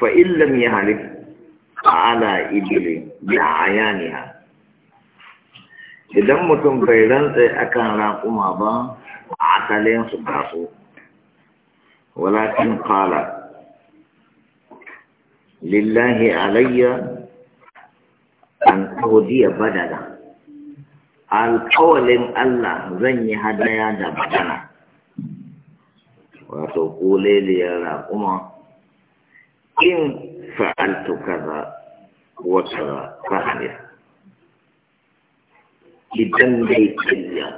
فإن لم يهلك على إبلي بعيانها إذن متن بيدان أكان راقم أبا عتلين سبحانه ولكن قال لله علي أن أهدي بدلا القول الله زني هدايا بدلا وتقول لي يا راقم أبا in fa'altu kaza wata fa'aliya idan dai kariya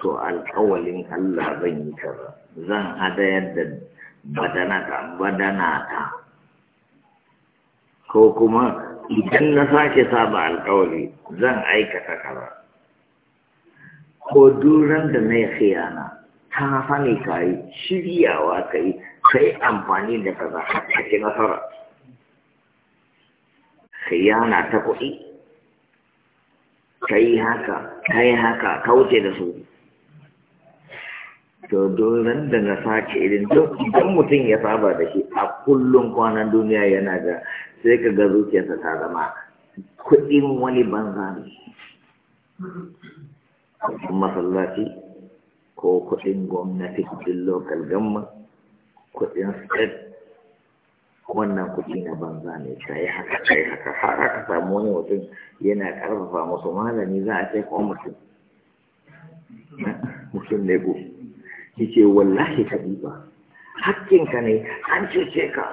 to alƙawalin Allah zan yi kaza zan hadayar da badanata badanata ko kuma idan na sake saba alƙawari zan aikata kaza ko duran da na yi khiyana ta sani ka yi shiryawa ka yi kai amfani da kaza a ci nasara khiyana ta kuɗi kai haka kai haka kauce da su to doron da na sace irin don mutum ya saba da shi a kullum kwanan duniya yana da sai ka ga zuciyarsa ta zama kuɗin wani banza ne kuɗin masallaci ko kuɗin gwamnati kuɗin lokal gamma kuɗin tsit wannan kudi na banza ne ka yi haka ka yi haka har aka samu wani mutum yana ƙarfafa musu malami za a ce ko mutum mutum ne ko shi ce wallahi ka hakkin hakkinka ne an cece ka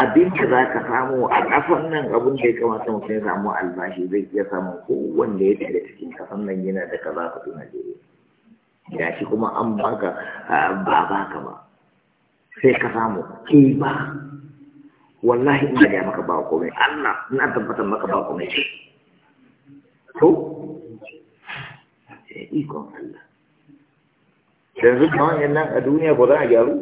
abinda za ka samu a kafan nan abin da ya kamata mutum ya samu albashi zai iya samun kowanne ya daga cikin kafan nan yana da kaza kuɗi Najeriya. Ya shi kuma an baka ba baka ba. sai ka samu ke eh ba wallahi ina da maka ba komai Allah ina tabbatar maka ba komai ce to sai eh, ikon Allah zuwa kawai nan a duniya ko za a gyaru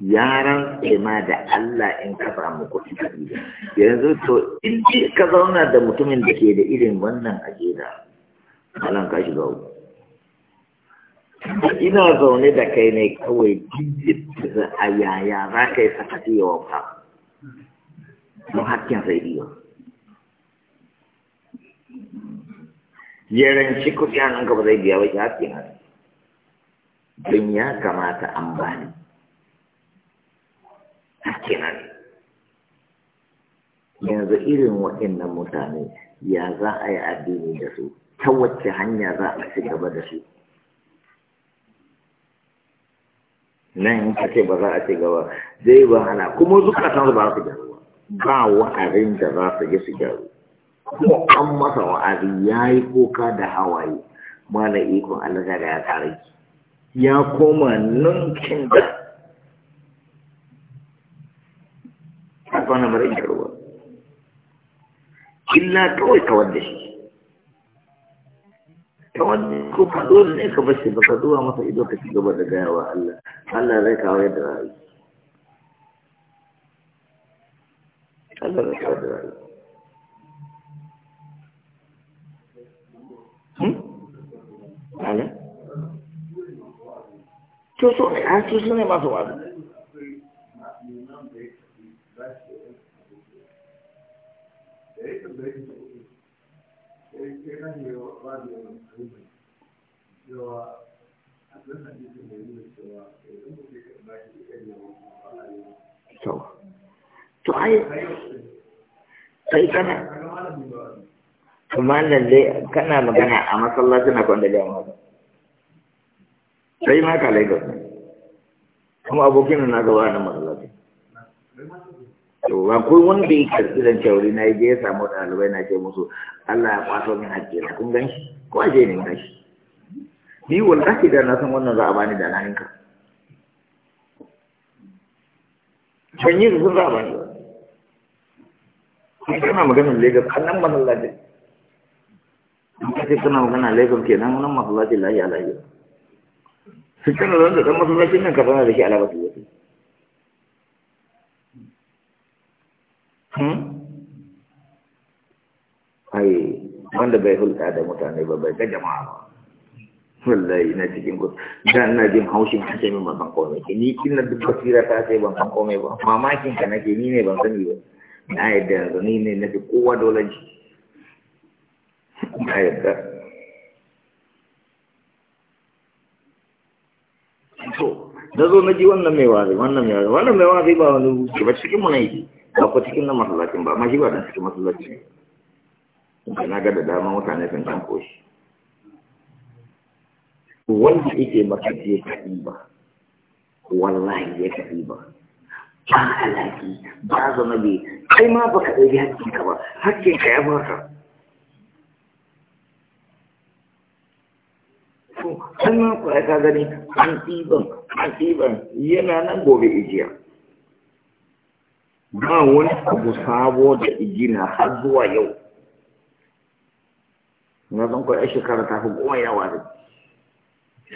yaran ma da Allah in ka samu kuɗi kuɗi yanzu to in ka zauna da mutumin da ke da irin wannan ajiyar malan kashi shiga uku ina zaune da kai ne kawai jijjit da a yaya za ka yi sakati ya ba mu hakkin sai biyu yaranci kuɗi hannun nan gaba zai biya wajen na hannun don ya kamata an bani na ne. yanzu irin waɗannan mutane ya za a yi addini da su ta wacce hanya za a ci gaba da su nan in ka ce ba za a ce gaba zai ba hana kuma zukatan ba su gyaru ba abin da za su yi su gyaru kuma an masa wa'azi ya yi kuka da hawaye na ikon Allah da ya tare ya koma ninkin da a kwanan bari gyaruwa illa kawai kawar da shi ta wani ko ka dole ne ka bashi ba ka zuwa masa ido ka ci gaba da gayawa Allah Allah zai kawo yadda rayu Allah zai kawo yadda rayu Ala? Hmm? To so ne, an ne masu eh, Thank eh, you. cewa nuna cewa idan mutum ya shi yawan kuma To, ai, sai kana. Kuma nan dai kana magana a masallacin na kwanda jama'a. Sai ma ka lagos ne. Kuma abokin na gaba na masallacin. to akwai wanda ya karfi zan kyauri na yi ya samu ɗalibai na ce musu Allah ya kwato min hakki na kun ganshi ko aje ne gashi ni wallahi da na san wannan za a bani da na yanka ban yi sun za a bani ba kana maganar lagos kan nan masallaci in ka ce kana magana lagos ke nan nan masallaci lahiya lahiya su kana zan da dan masallacin nan ka sanar da shi alaƙa su wasu hmm? ai wanda bai hulɗa da mutane ba bai ga jama'a ba wallahi na cikin gudu da ina jin haushin hace min ban kome. komai ke ni kina duk basira ta ce ban san kome ba mamakin ka nake ni ne ban sani ba na yadda yanzu ni ne na fi kowa dole ji na yadda to na zo na ji wannan mai wari wannan mai wari wannan mai wari ba wani wuce ba cikin mu na yi ba ko cikin na masallacin ba amma shi ba dan cikin masallacin ne na ga da dama mutane sun can koshi wanda yake maka je ka ba wallahi ya ka ba ba alaki ba zama bi kai ma baka ɗauki ka ba ka ya baka to ma ku aika gani an ɗiban an ɗiban yana nan gobe ijiya ba wani abu sabo da igina har zuwa yau na zan kwaya shekara ta fi goma yawa da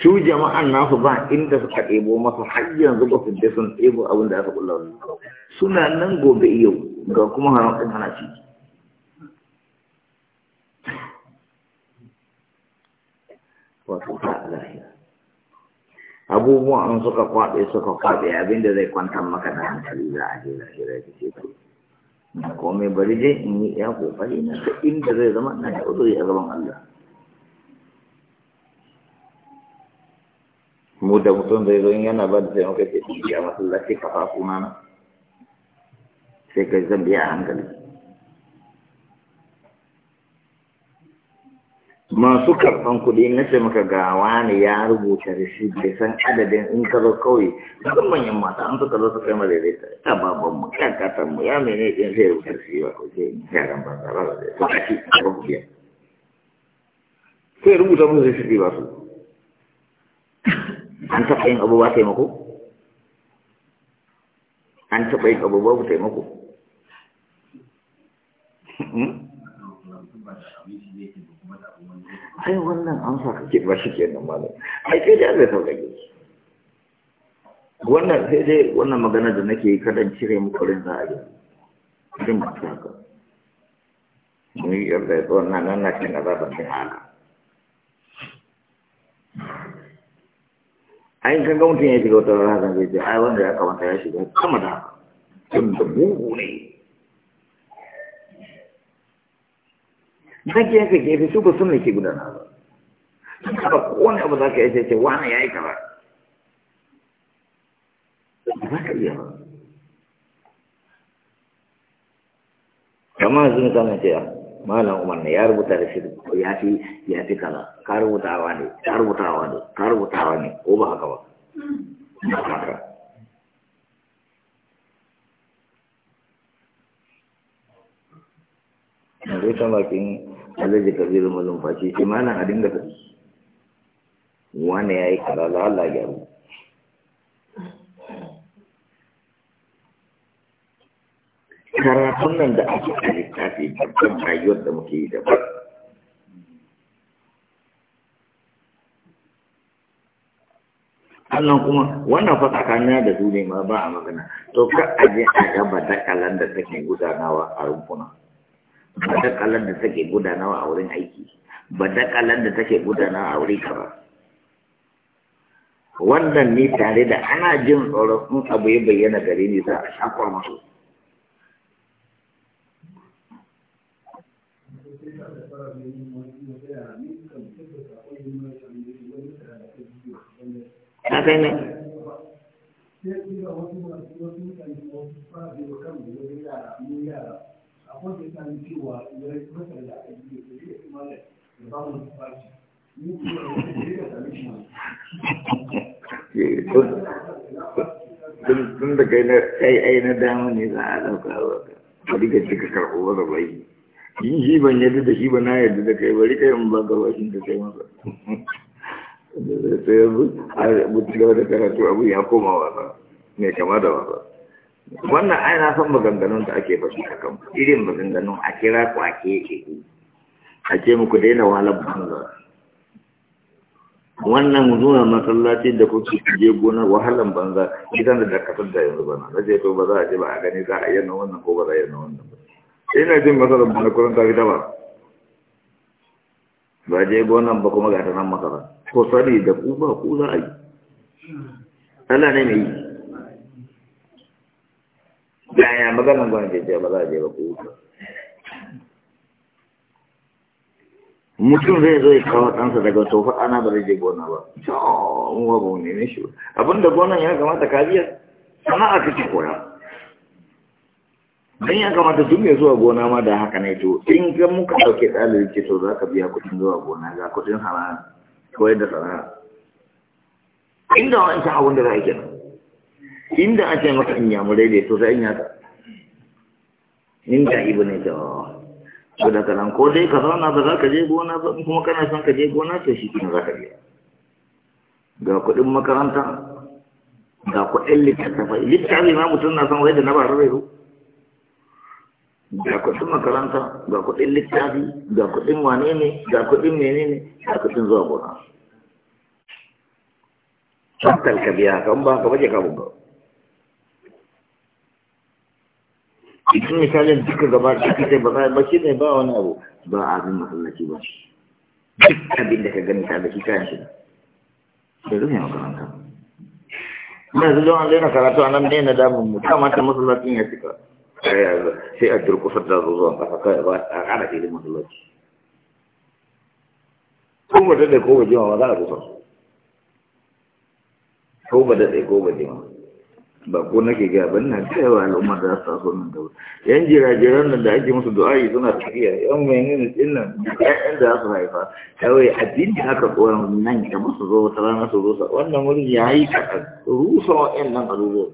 su jama'an nasu ba inda suka ɗebo masu har yanzu ba su je sun ɗebo abin da aka kulla wani suna nan gobe yau ga kuma haram ɗin hana ci wato ta alahiya abubuwan an suka kwaɗe suka kwaɗe abinda zai kwantar maka da hankali za a je lahira ki ce to na komai bari dai in yi iya kokari na inda zai zama na da uzuri a gaban Allah mu da mutum zai zo yana ba da a masallaci kafa kuna na sai ka zan biya a hankali masu karɓan kuɗi na ce maka ga wani ya rubuta bai san adadin in ka zo kawai manyan mata an suka zo su kai madaidaita ta baban mu kan katar mu ya mene ɗin sai rubuta shi ba ko sai in yaran ba za ba da su a rubuta musu an taɓa yin abubuwa taimako an taɓa yin abubuwa ku taimako hmm? ai wannan an sa kake ba shi ke nan malam ai kai da zai sauka ke wannan sai dai wannan magana da nake yi kadan cire muku rin za a yi jin ba ta haka mun yi yarda ya tsohon nan nan na cin azabar cin haka ai kan ga mutum ya shiga wata rana kan zai ce ai wanda ya kamata ya shiga sama da haka tun da bugu ne zaki yanka gefe su ba sun ne ke gudana ba sun kaba kowane abu za ka yi ce wani ya yi kaza za ka iya ba kamar sun sanar ce malam umar ne ya rubuta da shi oh, ya fi ya fi kala. ka rubutawa ne ka rubutawa ne ka rubutawa ne ko ba haka ba haka Na yanzu ta bakin alhaji kabiru malumfashi shi malam a dinga tafi wani ya yi kala la Allah ya rubuta karatun nan da ake a littafi babban rayuwar da muke yi daban Allah kuma wannan fa tsakaniya da su ne ma ba a magana to ka aje a gaba dakalan da take gudanawa a rumfuna ba dakalan da take gudanawa a wurin aiki ba dakalan da take gudanawa a wurin kaba wannan ne tare da ana jin tsoron abu ya bayyana gare ni za a shakwar masu fara da yin wani da tsaya ne kan tabbata ko yin mara shan da wani da da ke ji wanda ka ne sai ki wasu masu wasu kan ko fara da kan da wani da mun yara akwai da kan cewa ya yi masa da aka ji da ya kuma da ba mu fashi ni ko da ka sami shi tun da kai na dama ne za a ɗauka wa ka ka cika karɓo bai in shi ban yadda da shi ba na yadda da kai bari kayan ba ka bashin da kai masa sai yanzu a rubuta gaba da karatu abu ya koma wasa mai kama da wasa wannan ai na san maganganun da ake fashi a kan irin maganganun a kira kwake ke a ce muku daina walar banza wannan zuwa masallaci da kuke je gonar wahalan banza idan da dakatar da yanzu bana na ce to ba za a je ba a gani za a yi na wannan ko ba za a yi na wannan ba ina jin masarar ba kurin ta gida ba ba je gonan ba kuma ga ta nan masara ko sani da ku ba ku za a yi Allah ne mai yi yaya maganan gwamnati ce ba za a je ba ku mutum zai zo ya kawo ɗansa daga tofa ana ba zai je gona ba mu ba wani ne shi abinda gonan ya kamata ka biya sana'a kake koya dan ya kamata duk mai zuwa gona ma da haka ne to in ga muka dauke ɗalibi ce to za ka biya kuɗin zuwa gona ga kuɗin sana'a koyar da sana'a inda wani ta abin da za a kenan inda ake maka in yamu daidai to sai in ya ta inda ibu ne jawawa to da kanan ko dai ka zauna ba za ka je gona ba kuma kana son ka je gona to shi kina za ka je ga kuɗin makaranta ga kuɗin littattafai littafi ma mutum na son wai da na ba rai ga kuɗin makaranta ga kuɗin littafi ga kuɗin wane ne ga kuɗin mene ne ga kuɗin zuwa gona tattal ka biya kan ba ka baje ka buga idan misalin duka gaba da kake ba za ba shi ne ba wani abu ba abin masallaci ba duk abin da ka gani ta da shi kayan shi sai rufe makaranta yanzu don an daina karatu a nan daina damun mu ta mata masallacin ya cika sai a durkusar da zuwa kafa kai ba a ƙara filin masallaci ko ba daɗe ko ba jima ba za a kusa ko ba daɗe ko ba jima ba ko nake gaya ba ina da yawa al'ummar da za su taso nan gaba. wuri yan jirajiran nan da ake musu du'a'i suna tafiya yan mai din nan ƴaƴan da za su haifa kawai addini aka koya nan da musu zo wata rana su rusa wannan wurin ya yi kaɗan rusa wa'yan nan a zuwa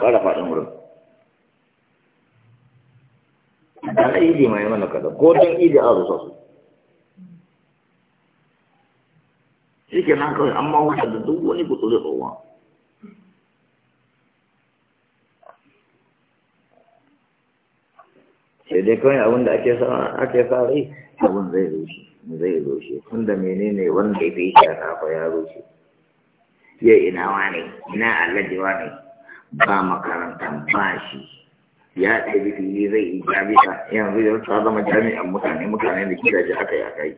ƙara faɗin wurin ana idi mai mana kaza ko don idi a rusa su shi ke nan kawai an ma wuce da duk wani kutsuri tsohuwa sai dai kawai abinda ake sa rai abin zai rushe zai rushe tunda menene wanda ya fi shaka ko ya rushe ya ina wane ina allajewa ne ba makarantar ba shi ya ɗaibi fili zai yi jami'a yanzu ya ta zama jami'an mutane mutane da gidaje aka ya kai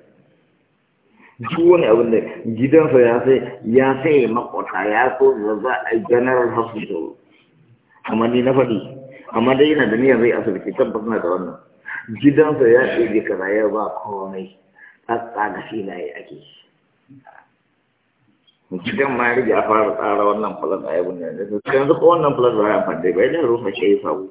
duk wani abin da gidansa ya sai ya sai makwata ya so da za a general hospital amma ni na faɗi amma dai yana da niyyar zai asibiti tabbas na da wannan gidansa ya ɗaibi kaza ya ba komai tsatsa da filaye ake gidan ma ya rige a fara tsara wannan plan a yabin yanzu yanzu ko wannan plan ba ya amfani da ya rufe shi ya sabu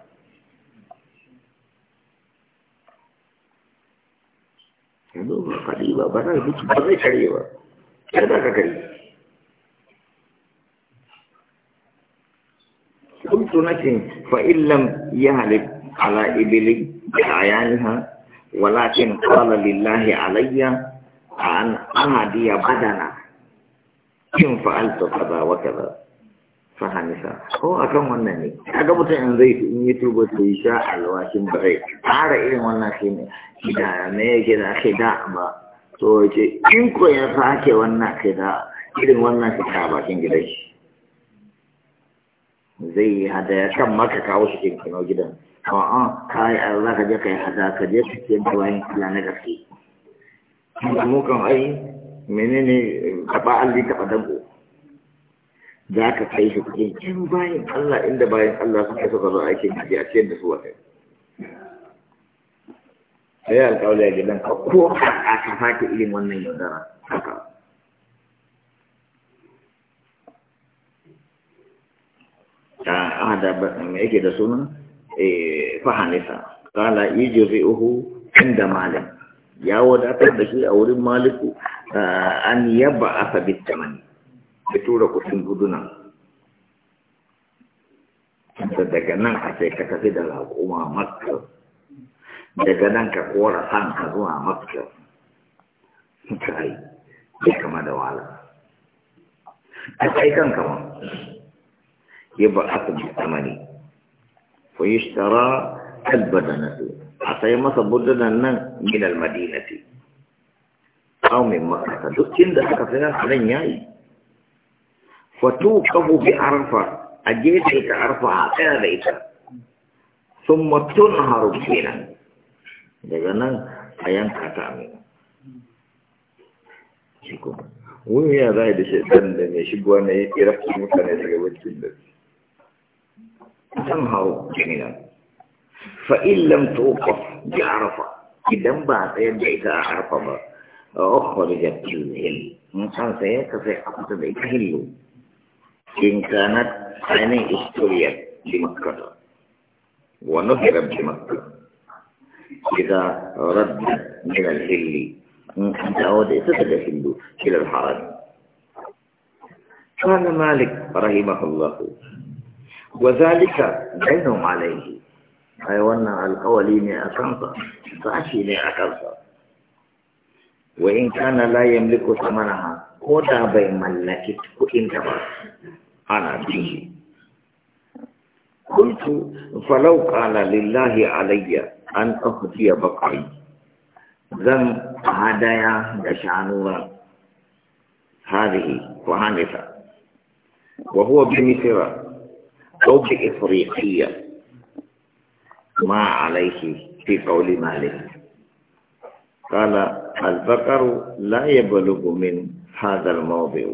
قلت لك فإن لم يهلك على إبل بعيانها ولكن قال لله علي أن أهدي بدنا إن فعلت كذا وكذا ta hannisa ko a kan wannan ne a ga mutum in zai in yi tubo ta yi sha alwashin ba zai tsara irin wannan shi ne da me yake da ake da ba to ce in ko ya ake wannan ke da irin wannan shi ta bakin gidan shi zai yi hadaya kan maka kawo shi cikin kano gidan a'a ah, kai a za ka je ka yi hada ka je su ke da wani kula na gaske mukan ai menene taɓa alli ba danko za ka kai shi kuɗin can bayan Allah inda bayan Allah suka suka zo aikin haji a cikin da su wata sai ya alƙawla ya gidan ka ko a ka fata irin wannan yaudara haka ta ahada me yake da suna fahanisa kala yujri'uhu inda malik ya wadatar da shi a wurin maliku an yaba asa bitamani ya tura kusin guduna da daga nan a sai ka tafi da laƙuma makka daga nan ka kora san ka zuwa makka kai ya kama da wahala a kai kan kama ya ba a su tsamani fa yi shitara albadanatu a sai masa budunan nan min almadinati au min makka duk inda aka fi nan a nan yayi فتوقف بعرفة أجيت إلى عرفة أتى ثم تنهر بنا لأن أيام كتامي شكرا وهي ذاهب الشيطان لم يشبه أن يرفع في يتجاوز تنهر بنا فإن لم توقف بعرفة إذا بعد يدعك عرفة أخرجت الهل من حان سيكفي حقا بإكهله إن كانت عيني استريت بمكة ونهرت بمكة إذا رد من الهل أنت أود إتتك الهل إلى الحرم قال مالك رحمه الله وذلك بينهم عليه حيوانا القوالين الأولين أكنصر فأشي لي أكنصر وإن كان لا يملك ثمنها ko da bai mallaki kuɗin ta ba ana bin kuntu falau qala lillahi alayya an ahdiya baqai zan hadaya da shanuwa hadihi wa hanisa wa huwa bi misra aw bi ifriqiya ma alayhi fi qawli malik qala al-baqaru la yablughu هذا الموضع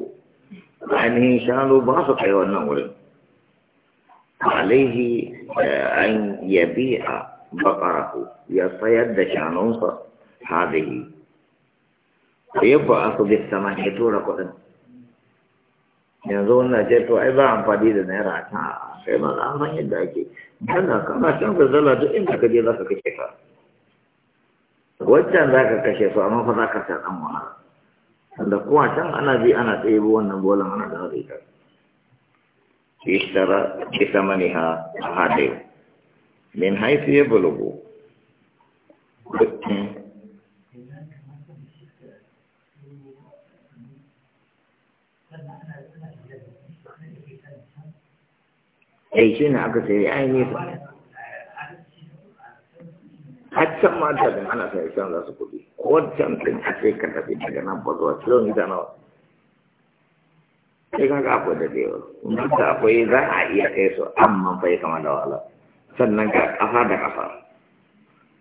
يعني شانوا ya sayar da عليه أن يبيع بقره يصيد شانونصة هذه ويبعث ya tura قدن yanzu wannan ce to ai ba amfani da naira ta sai ma an yadda ake dala kana san ka zala duk inda ka je za ka kashe ka waccan za ka kashe su amma fa za ka san an wahala da kuwa can ana bi ana ɗebo wannan bolan ana da ita ishtara bisamaniha ahadai min haifu ya bulugu ai shi ne aka sai ai nisa haccan ma ta din ana sai san za su kudi wancan din a ce ka tafi daga nan ba zuwa kilomita nawa sai kaga akwai da dewa mun ta akwai za a iya kai su amma fa kama da wahala sannan ka kafa da kafa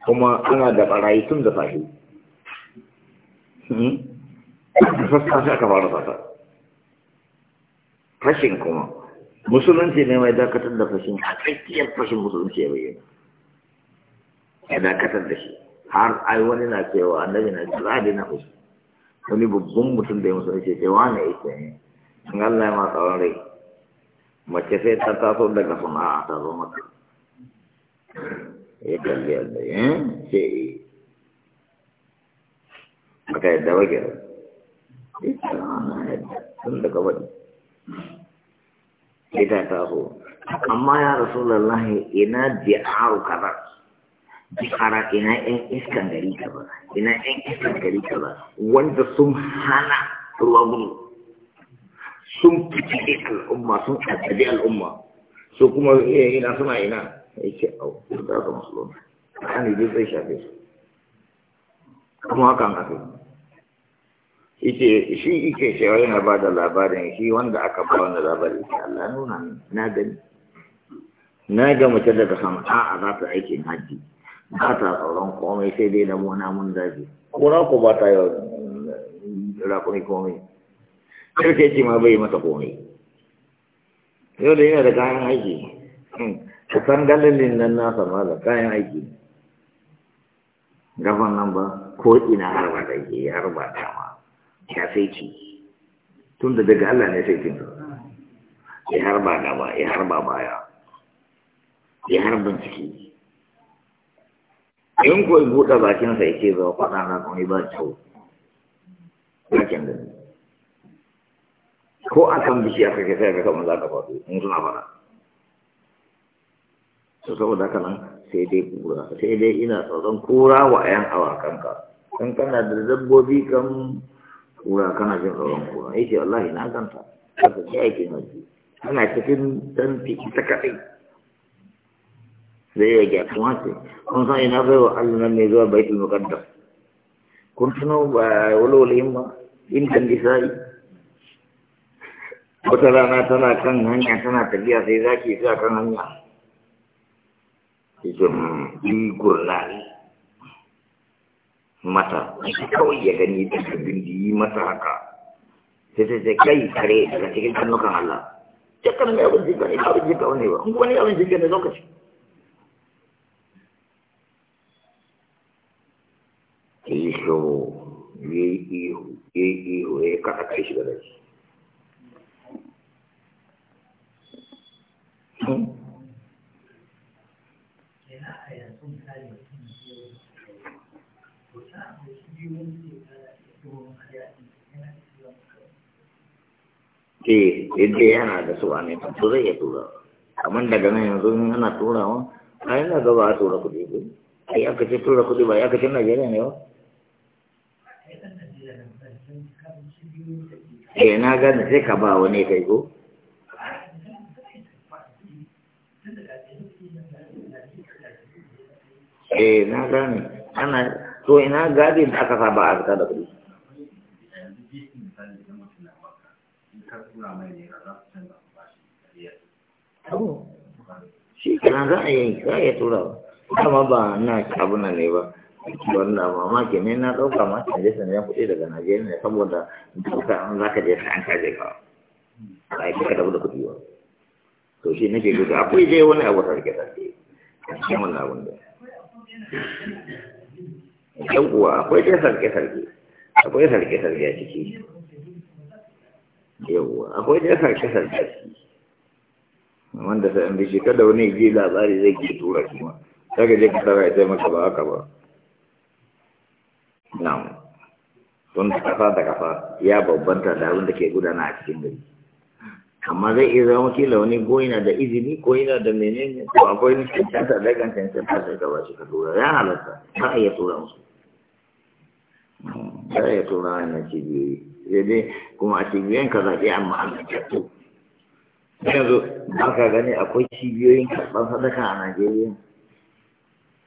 kuma ana da barayi tun da safe hmm? sassa sai aka fara fata fashin kuma musulunci ne mai dakatar da fashin a tsakiyar fashin musulunci ya bayyana Yana dakatar da shi har ai wani na cewa annabi na cewa da na hu wani babban mutum da ya musu ce cewa na yake ne sun Allah ma tsawon rai mace sai ta taso daga sana'a ta zo maka ya kalli eh, eh. yadda ya ce maka ah, yadda wage rai ita na yadda sun daga wani ita taso amma ya rasu lallahi ina ji'aru kaza kara ina ƴan iskan gari ba ina yan iskan gari ba wanda sun hana ruwa sun fitile al'umma sun addabi al'umma so kuma eh, ina suna ina yake au da ga musulun kan ji zai shafe su kuma hakan aka yace shi yake cewa yana ba da labarin shi wanda aka ba wani labarin shi Allah nuna na gani na ga mace daga sama a za ta aikin hajji ba ta tsoron komai sai dai da muna mun daji kura ko ba ta yau rakuni komai karfe ce ma bai mata komai yau da yana da kayan aiki hmm. ku san galilin nan nasa ma da kayan aiki gaban nan ba ko ina harba da ke harba ta ma ya sai ci tun da daga Allah ne sai kinsa ya harba gaba ya harba baya ya harba ciki in ko buɗe bakinsa ya ce zama faɗa na kuma ba kyau bakin da ko a kan a kake sai ka kama za ka faɗo in suna faɗa to saboda haka sai dai kura sai dai ina tsoron kura wa ayan awakanka kan kana da dabbobi kan kura kana jin tsoron kura yake wallahi na ganta haka ce aikin wajen ana cikin dan fiki ta kaɗai zai yi gyatuwa ce kun san ina bai wa allah nan ne zuwa baitul muqaddas kun tuno ba walwalayin ba inda nisa'i wata rana tana kan hanya tana tafiya sai zaki sa kan hanya cikin hmm, ikon lari mata kawai ya gani da sabbin da yi mata ce kare cikin Allah wani ba wani lokaci yo yi ihu yi ihu ya ka kai shi da shi Eh, inda yana da su a ne, to zai ya tura. Amma daga nan yanzu ana turawa, ai na gaba a tura kuɗi ba, Ai aka ce tura kuɗi ba, aka ce Najeriya ne ba? eh na gane sai ka ba wani kai ko eh na gane ana to ina gadi da aka saba a zaka da kudi shi kenan za a yi za a yi turawa kuma ba na abu ne ba wannan mamaki ne na ɗauka ma je canje kuɗi daga najeriya ne saboda duka an za ka je ka an caje ka ba ya ka tafi da kuɗi ba to shi nake guda akwai dai wani abu da rike sarki shi wannan abun da yan uwa akwai dai sarki sarki akwai sarki sarki a ciki yawwa akwai dai sarki sarki a ciki wanda sai an bi shi kada wani ji labari zai ke tura shi ma ka je ka tsara ya taimaka ba haka ba nan don kasa da kasa ya babbanta da abin da ke gudana a cikin gari amma zai iya zama kila wani ko yana da izini ko yana da menene ko akwai wani cancanta da kan cancanta da gaba shi ka tura ya halatta ba a iya tura musu ba a iya tura wannan cibiyoyi sai dai kuma a cibiyoyin ka zaɓi amma an cancanta yanzu ba ka gani akwai cibiyoyin karɓar sadaka a najeriya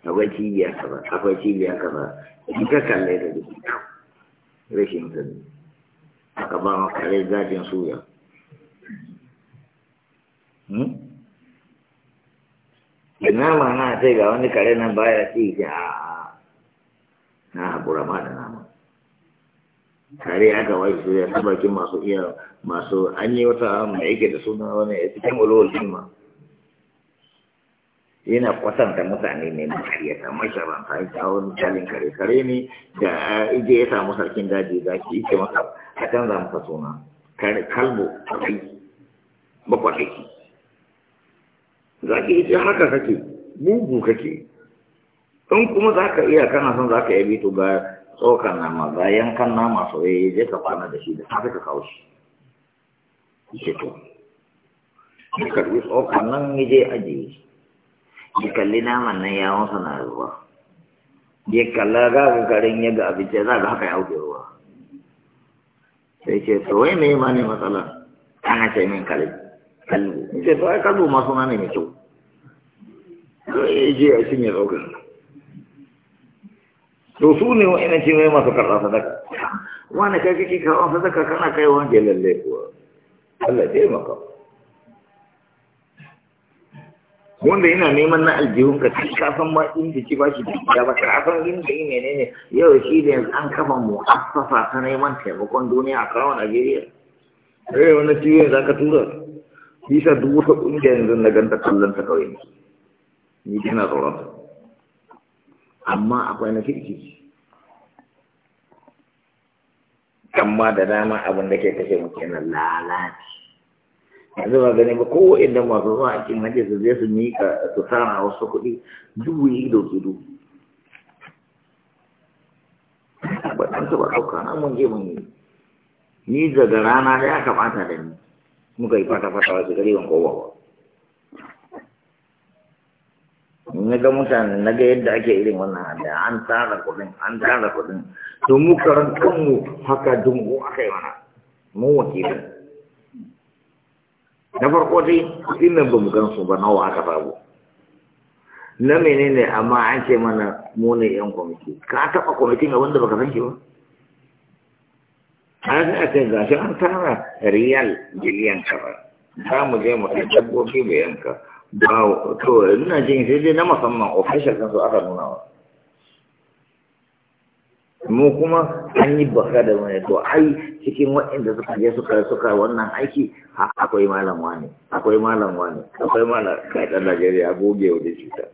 akwai cibiya kaza akwai cibiya kaza in ka kalle da duk rashin aka kare suya hmm? ina ma na ce ga wani kare na baya ci ki a na ma da nama kare aka wai suya ta bakin masu iya masu an yi wata da yake suna wani cikin ulowar ma yana kwatanta mutane ne makariyata masharanta ya wani misalin kare-kare ne da ije ya samu sarkin daji za ki ike masa a canza masa suna kalbo kai bakwa kake za ki ike haka kake bugu kake don kuma za ka iya kana son za ka yabi to ga tsokan nama ga yankan nama soyayye zai ka kwana da shi da safe ka kawo shi ike to ka karbi tsokan nan ya je ajiye shi ya kalli naman nan yawon sana ruwa ya kalla za ka garin ya ga abinci za ka haka ya auke ruwa sai ce to wai mai ma ne matsala ana ce min kalli kallo ni ce to ai kallo ma suna ne mai kyau to ya je a cinye tsokin to su ne wa'ina ce mai masu karɓa sadaka wani kai kake karɓa sadaka kana kai wani lalle kuwa Allah ya taimaka wanda yana neman na aljihun ka kai ka san ma inda ba shi dukiya ba ka san inda yi menene yau shi ne an kafa mu'assasa ta neman taimakon duniya a kawo Najeriya sai wani ciwo za aka tura bisa duk wata ƙungiya yanzu na ganta kallon ta kawai ni kina tsoron amma akwai na kirki amma da dama abin da ke kashe mu kenan lalaci yanzu ba ganin ba ko inda masu zuwa aikin hajji su zai su mika su tara wasu kuɗi dubu yi da dubu ba ɗan taɓa ɗauka na mun je mun yi ni daga rana ya kamata da ni muka yi fata-fata wasu gari ban kowa ba na ga mutane na ga yadda ake irin wannan hada an tara kuɗin an tara kuɗin to mu karan kanmu haka dungu aka yi mana mu wakilin na farko dai kuɗin nan ba mu gan su ba nawa aka babu na menene amma an ce mana mu ne yan kwamiti ka taɓa kwamitin ga wanda baka san shi ba an a ce gashi an tara riyal ka ba za mu je mu ta dabbobi mu yanka ba to ina jin sai dai na musamman official kan su aka nuna wa mu kuma an yi baka da wani to ai cikin waɗanda suka je suka suka wannan aiki akwai malam wani akwai malam wani akwai malam kai dan Najeriya goge wani da cuta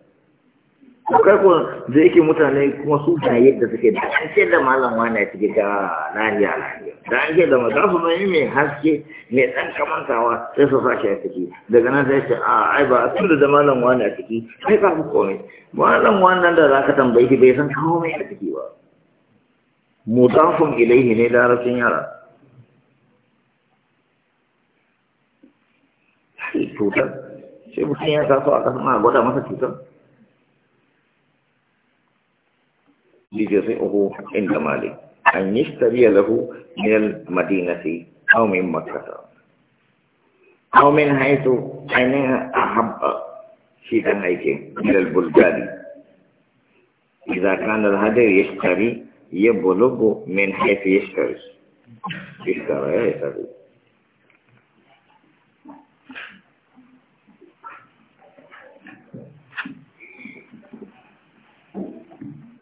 kai ko da yake mutane kuma su ga yadda suke da an ce da malam wani ya cikin ga lafiya lafiya da an ce da ma za mai mai haske mai dan kamantawa sai su sashi a ciki daga nan sai ce a ai ba tun da malam wani a ciki sai ka fi komai malam wani nan da zaka tambaye shi bai san kawo mai a ciki ba مضاف إليه ندارة يرى توتر شيء مسيح كافو أكثر ما أبدا ما توتر لجزئه عند مالك أن يشتري له من المدينة أو من مكة أو من حيث أنا أحب في تنعيك من البلدان إذا كان الهدر يشتري ये वो मेन है इस